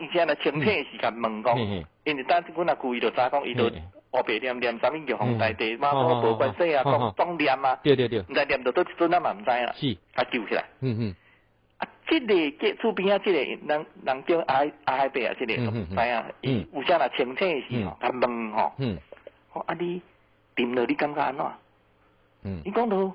以前那清菜時間問講，因為當阮阿舅伊就早講，伊就黑白念念，啥物玉皇大帝嘛，講無關係啊，講裝念啊，對對對，唔知念到到時陣阿嘛唔知啦，是，阿救起來。嗯嗯，啊，即里街厝邊啊，即個，人人叫阿阿海伯啊，個。里唔知啊，以前那清菜的時候，他問吼，我阿弟，啉落你感覺安怎？嗯，你講到。